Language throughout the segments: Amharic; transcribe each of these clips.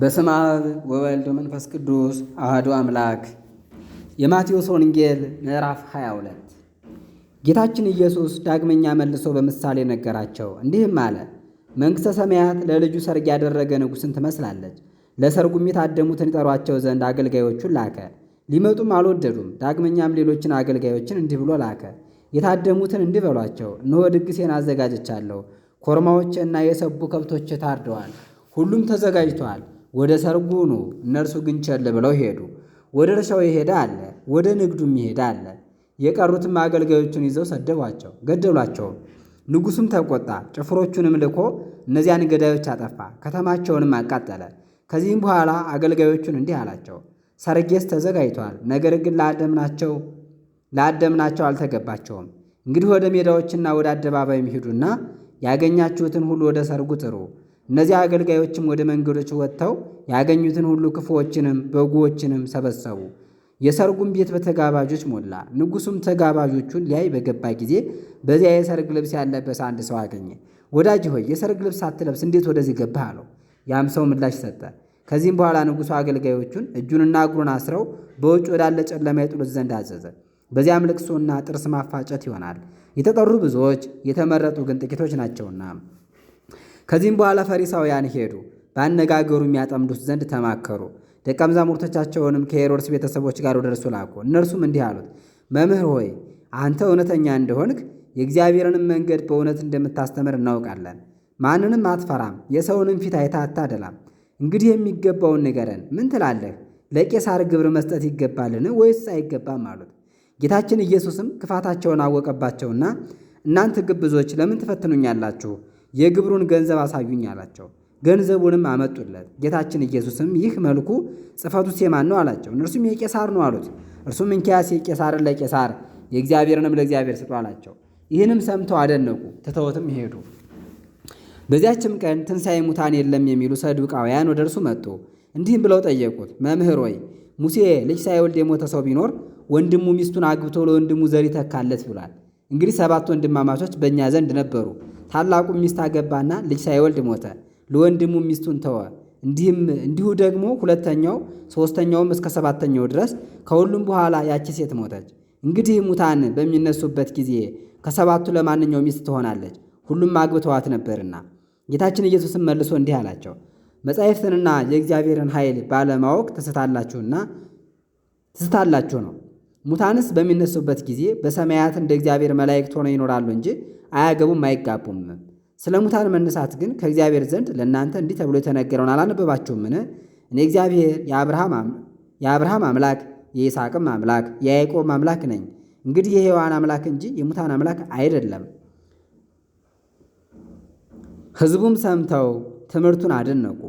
በስመ አብ ወወልድ ወመንፈስ ቅዱስ አህዶ አምላክ። የማቴዎስ ወንጌል ምዕራፍ 22 ጌታችን ኢየሱስ ዳግመኛ መልሶ በምሳሌ ነገራቸው፣ እንዲህም አለ። መንግሥተ ሰማያት ለልጁ ሰርግ ያደረገ ንጉሥን ትመስላለች። ለሰርጉም የታደሙትን ይጠሯቸው ዘንድ አገልጋዮቹን ላከ። ሊመጡም አልወደዱም። ዳግመኛም ሌሎችን አገልጋዮችን እንዲህ ብሎ ላከ። የታደሙትን እንዲህ በሏቸው፣ እነሆ ድግሴን ኮርማዎች እና የሰቡ ከብቶች ታርደዋል፣ ሁሉም ተዘጋጅተዋል። ወደ ሰርጉ ኑ። እነርሱ ግን ቸል ብለው ሄዱ። ወደ እርሻው የሄደ አለ፣ ወደ ንግዱም ይሄደ አለ። የቀሩትም አገልጋዮቹን ይዘው ሰደቧቸው፣ ገደሏቸውም። ንጉሱም ተቆጣ፣ ጭፍሮቹንም ልኮ እነዚያን ገዳዮች አጠፋ፣ ከተማቸውንም አቃጠለ። ከዚህም በኋላ አገልጋዮቹን እንዲህ አላቸው፣ ሰርጌስ ተዘጋጅቷል፣ ነገር ግን ለአደምናቸው አልተገባቸውም። እንግዲህ ወደ ሜዳዎችና ወደ አደባባይም ሂዱና ያገኛችሁትን ሁሉ ወደ ሰርጉ ጥሩ። እነዚያ አገልጋዮችም ወደ መንገዶች ወጥተው ያገኙትን ሁሉ ክፉዎችንም በጎዎችንም ሰበሰቡ። የሰርጉም ቤት በተጋባዦች ሞላ። ንጉሱም ተጋባዦቹን ሊያይ በገባ ጊዜ በዚያ የሰርግ ልብስ ያለበሰ አንድ ሰው አገኘ። ወዳጅ ሆይ የሰርግ ልብስ ሳትለብስ እንዴት ወደዚህ ገባህ? አለው። ያም ሰው ምላሽ ሰጠ። ከዚህም በኋላ ንጉሱ አገልጋዮቹን እጁንና እግሩን አስረው በውጭ ወዳለ ጨለማ የጥሉት ዘንድ አዘዘ። በዚያም ልቅሶና ጥርስ ማፋጨት ይሆናል። የተጠሩ ብዙዎች የተመረጡ ግን ጥቂቶች ናቸውና ከዚህም በኋላ ፈሪሳውያን ሄዱ፣ በአነጋገሩ የሚያጠምዱት ዘንድ ተማከሩ። ደቀ መዛሙርቶቻቸውንም ከሄሮድስ ቤተሰቦች ጋር ወደ እርሱ ላኩ። እነርሱም እንዲህ አሉት፣ መምህር ሆይ አንተ እውነተኛ እንደሆንክ የእግዚአብሔርንም መንገድ በእውነት እንደምታስተምር እናውቃለን። ማንንም አትፈራም፣ የሰውንም ፊት አይታ አታደላም። እንግዲህ የሚገባውን ንገረን፣ ምን ትላለህ? ለቄሳር ግብር መስጠት ይገባልን ወይስ አይገባም? አሉት። ጌታችን ኢየሱስም ክፋታቸውን አወቀባቸውና እናንተ ግብዞች ለምን ትፈትኑኛላችሁ? የግብሩን ገንዘብ አሳዩኝ አላቸው። ገንዘቡንም አመጡለት። ጌታችን ኢየሱስም ይህ መልኩ ጽፈቱ የማን ነው አላቸው። እነርሱም የቄሳር ነው አሉት። እርሱም እንኪያስ የቄሳርን ለቄሳር የእግዚአብሔርንም ለእግዚአብሔር ስጡ አላቸው። ይህንም ሰምተው አደነቁ፣ ትተውትም ሄዱ። በዚያችም ቀን ትንሣኤ ሙታን የለም የሚሉ ሰዱቃውያን ወደ እርሱ መጡ። እንዲህም ብለው ጠየቁት፣ መምህር ሆይ ሙሴ ልጅ ሳይወልድ የሞተ ሰው ቢኖር ወንድሙ ሚስቱን አግብቶ ለወንድሙ ዘር ይተካለት ብሏል። እንግዲህ ሰባት ወንድማማቾች በእኛ ዘንድ ነበሩ ታላቁ ሚስት አገባና ልጅ ሳይወልድ ሞተ። ለወንድሙ ሚስቱን ተወ። እንዲህም እንዲሁ ደግሞ ሁለተኛው፣ ሦስተኛውም እስከ ሰባተኛው ድረስ ከሁሉም በኋላ ያቺ ሴት ሞተች። እንግዲህ ሙታን በሚነሱበት ጊዜ ከሰባቱ ለማንኛው ሚስት ትሆናለች? ሁሉም አግብተዋት ነበርና። ጌታችን ኢየሱስም መልሶ እንዲህ አላቸው፣ መጻሕፍትንና የእግዚአብሔርን ኃይል ባለማወቅ ትስታላችሁና ትስታላችሁ ነው። ሙታንስ በሚነሱበት ጊዜ በሰማያት እንደ እግዚአብሔር መላእክት ሆነው ይኖራሉ እንጂ አያገቡም አይጋቡም። ስለ ሙታን መነሳት ግን ከእግዚአብሔር ዘንድ ለእናንተ እንዲህ ተብሎ የተነገረውን አላነበባችሁምን? እኔ እግዚአብሔር የአብርሃም አምላክ የይስሐቅም አምላክ የያዕቆብም አምላክ ነኝ። እንግዲህ የሕያዋን አምላክ እንጂ የሙታን አምላክ አይደለም። ሕዝቡም ሰምተው ትምህርቱን አደነቁ።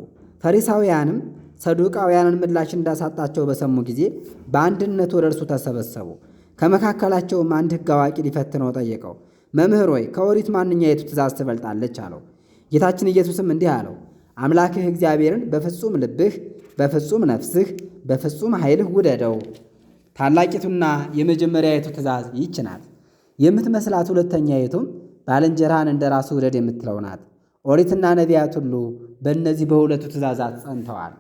ፈሪሳውያንም ሰዱቃውያንን ምላሽ እንዳሳጣቸው በሰሙ ጊዜ በአንድነት ወደ እርሱ ተሰበሰቡ። ከመካከላቸውም አንድ ሕግ አዋቂ ሊፈትነው ጠየቀው። መምህር ሆይ ከኦሪት ማንኛይቱ ትእዛዝ ትበልጣለች? አለው። ጌታችን ኢየሱስም እንዲህ አለው፣ አምላክህ እግዚአብሔርን በፍጹም ልብህ፣ በፍጹም ነፍስህ፣ በፍጹም ኃይልህ ውደደው። ታላቂቱና የመጀመሪያይቱ ትእዛዝ ይች ናት። የምትመስላት ሁለተኛይቱም ባልንጀራህን እንደ ራሱ ውደድ የምትለው ናት። ኦሪትና ነቢያት ሁሉ በእነዚህ በሁለቱ ትእዛዛት ጸንተዋል።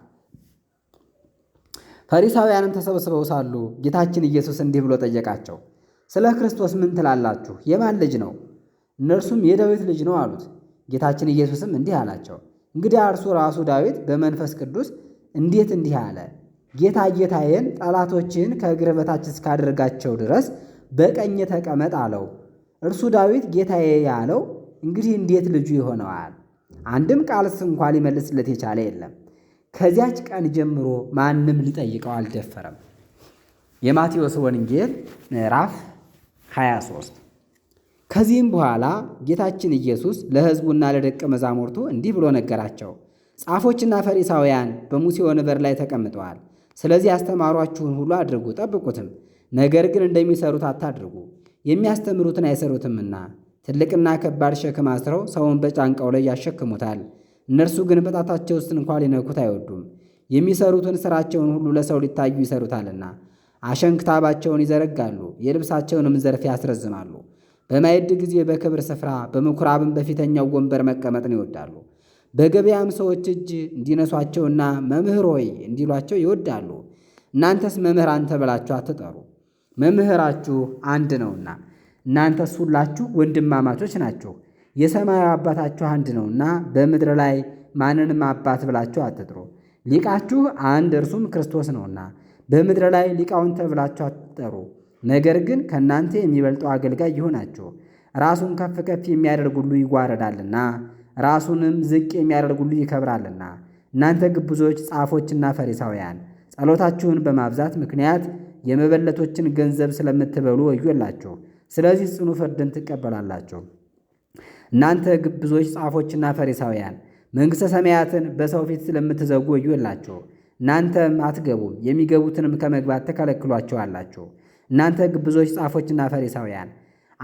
ፈሪሳውያንም ተሰብስበው ሳሉ ጌታችን ኢየሱስ እንዲህ ብሎ ጠየቃቸው፣ ስለ ክርስቶስ ምን ትላላችሁ? የማን ልጅ ነው? እነርሱም የዳዊት ልጅ ነው አሉት። ጌታችን ኢየሱስም እንዲህ አላቸው፣ እንግዲህ እርሱ ራሱ ዳዊት በመንፈስ ቅዱስ እንዴት እንዲህ አለ፣ ጌታ ጌታዬን ጠላቶችህን ከእግር በታች እስካደርጋቸው ድረስ በቀኝ ተቀመጥ አለው። እርሱ ዳዊት ጌታዬ ያለው እንግዲህ እንዴት ልጁ ይሆነዋል? አንድም ቃልስ እንኳ ሊመልስለት የቻለ የለም። ከዚያች ቀን ጀምሮ ማንም ሊጠይቀው አልደፈረም። የማቴዎስ ወንጌል ምዕራፍ 23። ከዚህም በኋላ ጌታችን ኢየሱስ ለሕዝቡና ለደቀ መዛሙርቱ እንዲህ ብሎ ነገራቸው። ጻፎችና ፈሪሳውያን በሙሴ ወንበር ላይ ተቀምጠዋል። ስለዚህ ያስተማሯችሁን ሁሉ አድርጉ፣ ጠብቁትም። ነገር ግን እንደሚሰሩት አታድርጉ፣ የሚያስተምሩትን አይሰሩትምና። ትልቅና ከባድ ሸክም አስረው ሰውን በጫንቃው ላይ ያሸክሙታል እነርሱ ግን በጣታቸው ውስጥ እንኳ ሊነኩት አይወዱም፣ የሚሰሩትን ሥራቸውን ሁሉ ለሰው ሊታዩ ይሰሩታልና። አሸንክታባቸውን ይዘረጋሉ፣ የልብሳቸውንም ዘርፍ ያስረዝማሉ። በማዕድ ጊዜ በክብር ስፍራ በምኩራብም በፊተኛው ወንበር መቀመጥን ይወዳሉ። በገበያም ሰዎች እጅ እንዲነሷቸውና መምህር ሆይ እንዲሏቸው ይወዳሉ። እናንተስ መምህራን ተብላችሁ አትጠሩ፣ መምህራችሁ አንድ ነውና እናንተስ ሁላችሁ ወንድማማቾች ናችሁ። የሰማያዊ አባታችሁ አንድ ነውና በምድር ላይ ማንንም አባት ብላችሁ አትጥሩ፣ ሊቃችሁ አንድ እርሱም ክርስቶስ ነውና። በምድር ላይ ሊቃውንተ ብላችሁ አትጠሩ፣ ነገር ግን ከእናንተ የሚበልጠው አገልጋይ ይሆናችሁ። ራሱን ከፍ ከፍ የሚያደርግ ሁሉ ይዋረዳልና፣ ራሱንም ዝቅ የሚያደርግ ሁሉ ይከብራልና። እናንተ ግብዞች፣ ጻፎችና ፈሪሳውያን ጸሎታችሁን በማብዛት ምክንያት የመበለቶችን ገንዘብ ስለምትበሉ ወዮላችሁ። ስለዚህ ጽኑ ፍርድን ትቀበላላችሁ። እናንተ ግብዞች ጻፎችና ፈሪሳውያን መንግሥተ ሰማያትን በሰው ፊት ስለምትዘጉ ወዮላችሁ። እናንተም አትገቡም፣ የሚገቡትንም ከመግባት ተከለክሏቸዋላችሁ። እናንተ ግብዞች ጻፎችና ፈሪሳውያን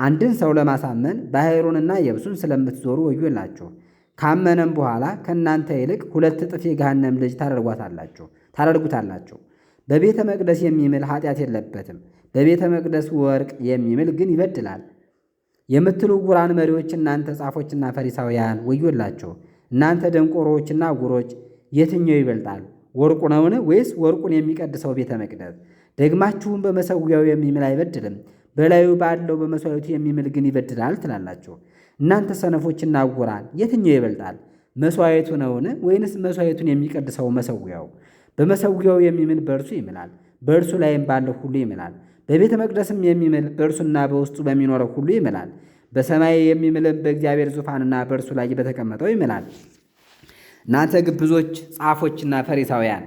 አንድን ሰው ለማሳመን ባሕሩንና የብሱን ስለምትዞሩ ወዮላችሁ። ካመነም በኋላ ከእናንተ ይልቅ ሁለት እጥፍ የገሃነም ልጅ ታደርጉታላችሁ። በቤተ መቅደስ የሚምል ኃጢአት የለበትም፣ በቤተ መቅደስ ወርቅ የሚምል ግን ይበድላል። የምትሉ ዕውራን መሪዎች፣ እናንተ ጻፎችና ፈሪሳውያን ወዮላችሁ! እናንተ ደንቆሮዎችና ዕውሮች፣ የትኛው ይበልጣል? ወርቁ ነውን? ወይስ ወርቁን የሚቀድሰው ቤተ መቅደስ? ደግማችሁም በመሰዊያው የሚምል አይበድልም፣ በላዩ ባለው በመሥዋዕቱ የሚምል ግን ይበድላል ትላላችሁ። እናንተ ሰነፎችና ዕውራን፣ የትኛው ይበልጣል? መሥዋዕቱ ነውን? ወይንስ መሥዋዕቱን የሚቀድሰው መሠዊያው? በመሠዊያው የሚምል በእርሱ ይምላል፣ በእርሱ ላይም ባለው ሁሉ ይምላል። በቤተ መቅደስም የሚምል በእርሱና በውስጡ በሚኖረው ሁሉ ይምላል። በሰማይ የሚምልም በእግዚአብሔር ዙፋንና በእርሱ ላይ በተቀመጠው ይምላል። እናንተ ግብዞች፣ ጻፎችና ፈሪሳውያን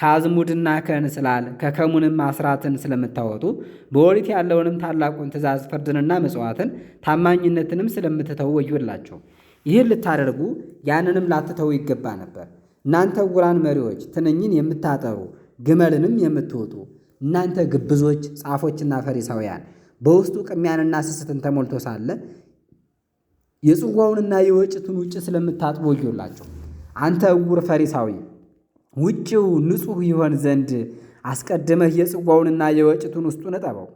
ከአዝሙድና ከእንስላል ከከሙንም አስራትን ስለምታወጡ በኦሪት ያለውንም ታላቁን ትእዛዝ ፍርድንና መጽዋትን ታማኝነትንም ስለምትተው ወዮላቸው። ይህን ልታደርጉ ያንንም ላትተው ይገባ ነበር። እናንተ ዕውራን መሪዎች፣ ትንኝን የምታጠሩ ግመልንም የምትወጡ። እናንተ ግብዞች ጻፎችና ፈሪሳውያን በውስጡ ቅሚያንና ስስትን ተሞልቶ ሳለ የጽዋውንና የወጭቱን ውጭ ስለምታጥቡ ወዮላችሁ። አንተ እውር ፈሪሳዊ ውጭው ንጹሕ ይሆን ዘንድ አስቀድመህ የጽዋውንና የወጭቱን ውስጡን እጠበው።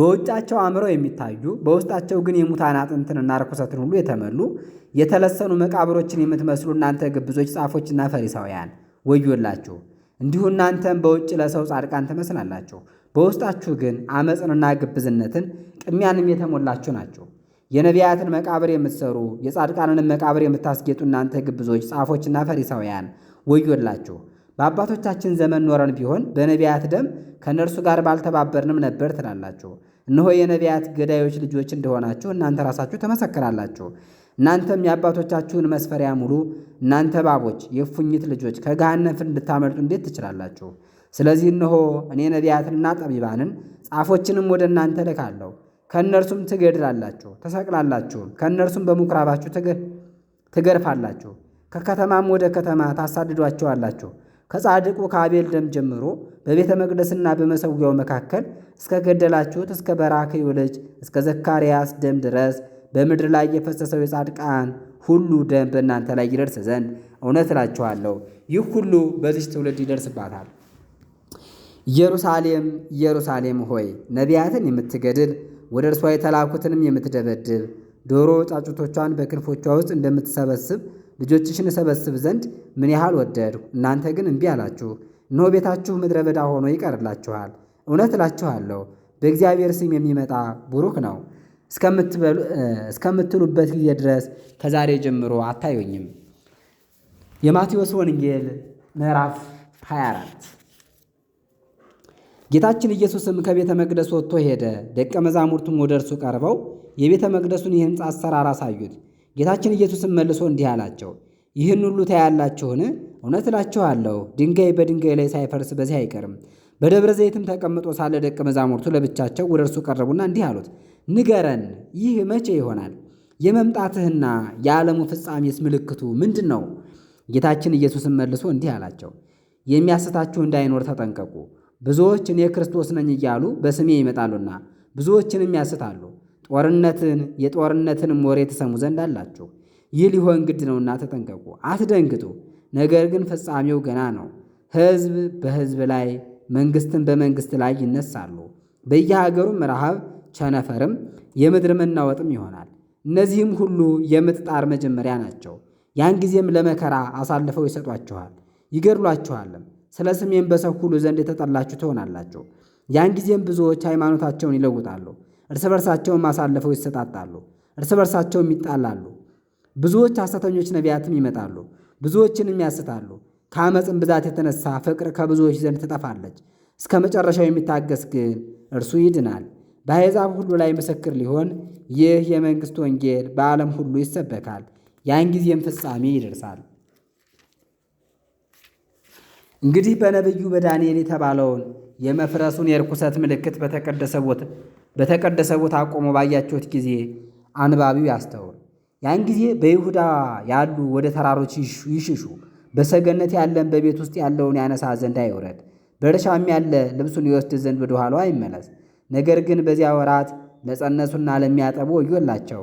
በውጫቸው አምረው የሚታዩ በውስጣቸው ግን የሙታን አጥንትንና ርኩሰትን ሁሉ የተመሉ የተለሰኑ መቃብሮችን የምትመስሉ እናንተ ግብዞች ጻፎችና ፈሪሳውያን ወዮላችሁ። እንዲሁ እናንተም በውጭ ለሰው ጻድቃን ትመስላላችሁ፣ በውስጣችሁ ግን አመፅንና ግብዝነትን ቅሚያንም የተሞላችሁ ናቸው። የነቢያትን መቃብር የምትሰሩ የጻድቃንንም መቃብር የምታስጌጡ እናንተ ግብዞች ጻፎችና ፈሪሳውያን ወዮላችሁ! በአባቶቻችን ዘመን ኖረን ቢሆን በነቢያት ደም ከእነርሱ ጋር ባልተባበርንም ነበር ትላላችሁ። እነሆ የነቢያት ገዳዮች ልጆች እንደሆናችሁ እናንተ ራሳችሁ ተመሰክራላችሁ። እናንተም የአባቶቻችሁን መስፈሪያ ሙሉ። እናንተ ባቦች የእፉኝት ልጆች ከገሃነም ፍርድ እንድታመልጡ እንዴት ትችላላችሁ? ስለዚህ እነሆ እኔ ነቢያትንና ጠቢባንን ጻፎችንም ወደ እናንተ እልካለሁ። ከእነርሱም ትገድላላችሁ፣ ተሰቅላላችሁም። ከእነርሱም በምኩራባችሁ ትገርፋላችሁ፣ ከከተማም ወደ ከተማ ታሳድዷቸዋላችሁ። ከጻድቁ ከአቤል ደም ጀምሮ በቤተ መቅደስና በመሠዊያው መካከል እስከ ገደላችሁት እስከ በራክዩ ልጅ እስከ ዘካርያስ ደም ድረስ በምድር ላይ የፈሰሰው የጻድቃን ሁሉ ደም በእናንተ ላይ ይደርስ ዘንድ እውነት እላችኋለሁ ይህ ሁሉ በዚች ትውልድ ይደርስባታል። ኢየሩሳሌም ኢየሩሳሌም ሆይ ነቢያትን የምትገድል ወደ እርሷ የተላኩትንም የምትደበድብ ዶሮ ጫጩቶቿን በክንፎቿ ውስጥ እንደምትሰበስብ ልጆችሽን እሰበስብ ዘንድ ምን ያህል ወደድሁ፣ እናንተ ግን እምቢ አላችሁ። እነሆ ቤታችሁ ምድረ በዳ ሆኖ ይቀርላችኋል። እውነት እላችኋለሁ በእግዚአብሔር ስም የሚመጣ ቡሩክ ነው። እስከምትሉበት ጊዜ ድረስ ከዛሬ ጀምሮ አታዩኝም። የማቴዎስ ወንጌል ምዕራፍ 24 ጌታችን ኢየሱስም ከቤተ መቅደስ ወጥቶ ሄደ። ደቀ መዛሙርቱም ወደ እርሱ ቀርበው የቤተ መቅደሱን የሕንፃ አሰራር አሳዩት። ጌታችን ኢየሱስም መልሶ እንዲህ አላቸው፣ ይህን ሁሉ ታያላችሁን? እውነት እላችኋለሁ ድንጋይ በድንጋይ ላይ ሳይፈርስ በዚህ አይቀርም። በደብረ ዘይትም ተቀምጦ ሳለ ደቀ መዛሙርቱ ለብቻቸው ወደ እርሱ ቀረቡና እንዲህ አሉት፣ ንገረን፣ ይህ መቼ ይሆናል? የመምጣትህና የዓለሙ ፍጻሜስ ምልክቱ ምንድን ነው? ጌታችን ኢየሱስም መልሶ እንዲህ አላቸው፣ የሚያስታችሁ እንዳይኖር ተጠንቀቁ። ብዙዎች እኔ ክርስቶስ ነኝ እያሉ በስሜ ይመጣሉና ብዙዎችንም ያስታሉ። ጦርነትን የጦርነትንም ወሬ ትሰሙ ዘንድ አላችሁ። ይህ ሊሆን ግድ ነውና ተጠንቀቁ፣ አትደንግጡ። ነገር ግን ፍጻሜው ገና ነው። ሕዝብ በሕዝብ ላይ መንግሥትን በመንግሥት ላይ ይነሳሉ። በየሀገሩም ረሃብ፣ ቸነፈርም፣ የምድር መናወጥም ይሆናል። እነዚህም ሁሉ የምጥጣር መጀመሪያ ናቸው። ያን ጊዜም ለመከራ አሳልፈው ይሰጧችኋል፣ ይገድሏችኋልም። ስለ ስሜም በሰው ሁሉ ዘንድ የተጠላችሁ ትሆናላችሁ። ያን ጊዜም ብዙዎች ሃይማኖታቸውን ይለውጣሉ። እርስ በርሳቸውም አሳልፈው ይሰጣጣሉ፣ እርስ በርሳቸውም ይጣላሉ። ብዙዎች ሐሰተኞች ነቢያትም ይመጣሉ፣ ብዙዎችንም ያስታሉ። ከአመፅን ብዛት የተነሳ ፍቅር ከብዙዎች ዘንድ ትጠፋለች። እስከ መጨረሻው የሚታገስ ግን እርሱ ይድናል። በአሕዛብ ሁሉ ላይ ምስክር ሊሆን ይህ የመንግሥት ወንጌል በዓለም ሁሉ ይሰበካል፣ ያን ጊዜም ፍጻሜ ይደርሳል። እንግዲህ በነቢዩ በዳንኤል የተባለውን የመፍረሱን የርኩሰት ምልክት በተቀደሰ ቦታ አቆሞ ባያችሁት ጊዜ አንባቢው ያስተውል። ያን ጊዜ በይሁዳ ያሉ ወደ ተራሮች ይሽሹ። በሰገነት ያለን በቤት ውስጥ ያለውን ያነሳ ዘንድ አይውረድ። በእርሻም ያለ ልብሱን ይወስድ ዘንድ ወደ ኋላ አይመለስ። ነገር ግን በዚያ ወራት ለጸነሱና ለሚያጠቡ ወዮላቸው።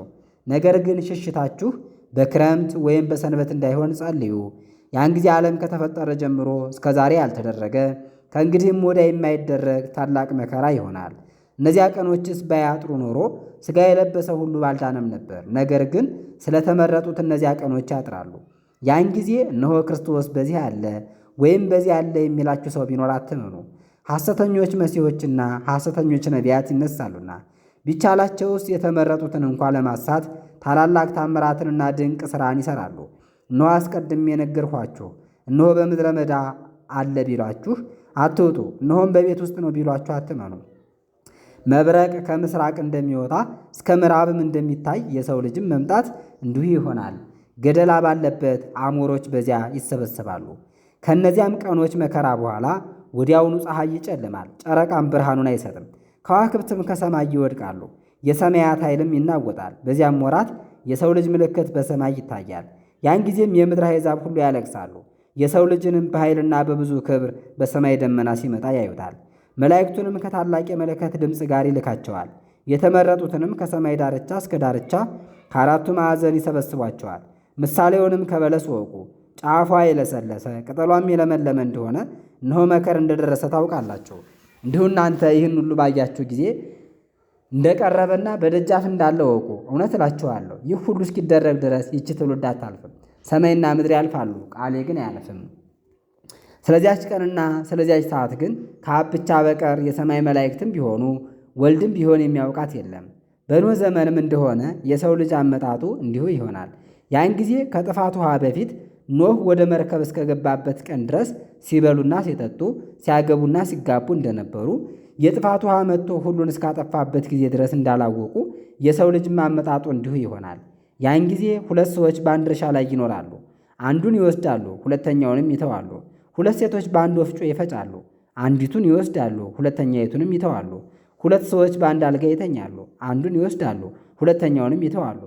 ነገር ግን ሽሽታችሁ በክረምት ወይም በሰንበት እንዳይሆን ጸልዩ። ያን ጊዜ ዓለም ከተፈጠረ ጀምሮ እስከ ዛሬ ያልተደረገ ከእንግዲህም ወዲያ የማይደረግ ታላቅ መከራ ይሆናል። እነዚያ ቀኖችስ ባያጥሩ ኖሮ ሥጋ የለበሰ ሁሉ ባልዳነም ነበር። ነገር ግን ስለተመረጡት እነዚያ ቀኖች ያጥራሉ። ያን ጊዜ እነሆ ክርስቶስ በዚህ አለ ወይም በዚህ አለ የሚላችሁ ሰው ቢኖር አትመኑ። ሐሰተኞች መሲሖችና ሐሰተኞች ነቢያት ይነሳሉና ቢቻላቸውስ የተመረጡትን እንኳ ለማሳት ታላላቅ ታምራትንና ድንቅ ሥራን ይሠራሉ። እነሆ አስቀድሜ የነገርኋችሁ፣ እነሆ በምድረ በዳ አለ ቢሏችሁ አትውጡ፣ እነሆም በቤት ውስጥ ነው ቢሏችሁ አትመኑ። መብረቅ ከምስራቅ እንደሚወጣ እስከ ምዕራብም እንደሚታይ የሰው ልጅም መምጣት እንዲሁ ይሆናል። ገደላ ባለበት አሞሮች በዚያ ይሰበሰባሉ። ከእነዚያም ቀኖች መከራ በኋላ ወዲያውኑ ፀሐይ ይጨልማል፣ ጨረቃም ብርሃኑን አይሰጥም፣ ከዋክብትም ከሰማይ ይወድቃሉ፣ የሰማያት ኃይልም ይናወጣል። በዚያም ወራት የሰው ልጅ ምልክት በሰማይ ይታያል። ያን ጊዜም የምድር አሕዛብ ሁሉ ያለቅሳሉ። የሰው ልጅንም በኃይልና በብዙ ክብር በሰማይ ደመና ሲመጣ ያዩታል። መላእክቱንም ከታላቅ የመለከት ድምፅ ጋር ይልካቸዋል። የተመረጡትንም ከሰማይ ዳርቻ እስከ ዳርቻ ከአራቱ ማዕዘን ይሰበስቧቸዋል። ምሳሌውንም ከበለስ ወቁ። ጫፏ የለሰለሰ ቅጠሏም የለመለመ እንደሆነ እነሆ መከር እንደደረሰ ታውቃላችሁ። እንዲሁ እናንተ ይህን ሁሉ ባያችሁ ጊዜ እንደቀረበና በደጃፍ እንዳለ ወቁ። እውነት እላችኋለሁ ይህ ሁሉ እስኪደረግ ድረስ ይቺ ትውልድ አታልፍም። ሰማይና ምድር ያልፋሉ፣ ቃሌ ግን አያልፍም። ስለዚያች ቀንና ስለዚያች ሰዓት ግን ከአብ ብቻ በቀር የሰማይ መላእክትም ቢሆኑ ወልድም ቢሆን የሚያውቃት የለም። በኖህ ዘመንም እንደሆነ የሰው ልጅ አመጣጡ እንዲሁ ይሆናል። ያን ጊዜ ከጥፋት ውሃ በፊት ኖህ ወደ መርከብ እስከገባበት ቀን ድረስ ሲበሉና ሲጠጡ ሲያገቡና ሲጋቡ እንደነበሩ የጥፋት ውሃ መጥቶ ሁሉን እስካጠፋበት ጊዜ ድረስ እንዳላወቁ የሰው ልጅም አመጣጡ እንዲሁ ይሆናል። ያን ጊዜ ሁለት ሰዎች በአንድ እርሻ ላይ ይኖራሉ። አንዱን ይወስዳሉ፣ ሁለተኛውንም ይተዋሉ። ሁለት ሴቶች በአንድ ወፍጮ ይፈጫሉ። አንዲቱን ይወስዳሉ፣ ሁለተኛይቱንም ይተዋሉ። ሁለት ሰዎች በአንድ አልጋ ይተኛሉ። አንዱን ይወስዳሉ፣ ሁለተኛውንም ይተዋሉ።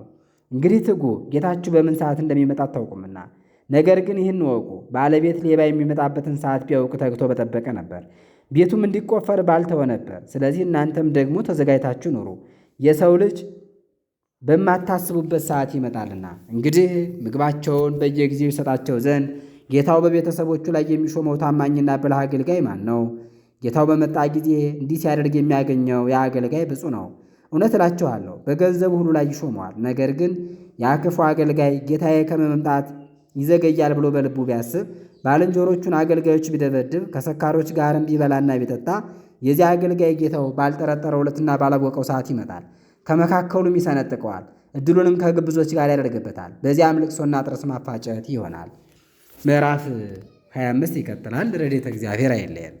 እንግዲህ ትጉ፣ ጌታችሁ በምን ሰዓት እንደሚመጣ አታውቁምና። ነገር ግን ይህን እወቁ፣ ባለቤት ሌባ የሚመጣበትን ሰዓት ቢያውቅ ተግቶ በጠበቀ ነበር፣ ቤቱም እንዲቆፈር ባልተወ ነበር። ስለዚህ እናንተም ደግሞ ተዘጋጅታችሁ ኑሩ። የሰው ልጅ በማታስቡበት ሰዓት ይመጣልና። እንግዲህ ምግባቸውን በየጊዜው ይሰጣቸው ዘንድ ጌታው በቤተሰቦቹ ላይ የሚሾመው ታማኝና ብልህ አገልጋይ ማን ነው? ጌታው በመጣ ጊዜ እንዲህ ሲያደርግ የሚያገኘው ያ አገልጋይ ብፁ ነው። እውነት እላችኋለሁ በገንዘቡ ሁሉ ላይ ይሾመዋል። ነገር ግን ያ ክፉ አገልጋይ ጌታዬ ከመምጣት ይዘገያል ብሎ በልቡ ቢያስብ፣ ባልንጀሮቹን አገልጋዮች ቢደበድብ፣ ከሰካሮች ጋርም ቢበላና ቢጠጣ የዚያ አገልጋይ ጌታው ባልጠረጠረው ዕለትና ባላወቀው ሰዓት ይመጣል። ከመካከሉም ይሰነጥቀዋል። እድሉንም ከግብዞች ጋር ያደርግበታል። በዚያም ልቅሶና ጥርስ ማፋጨት ይሆናል። ምዕራፍ 25 ይቀጥላል። ረድኤተ እግዚአብሔር አይለየን።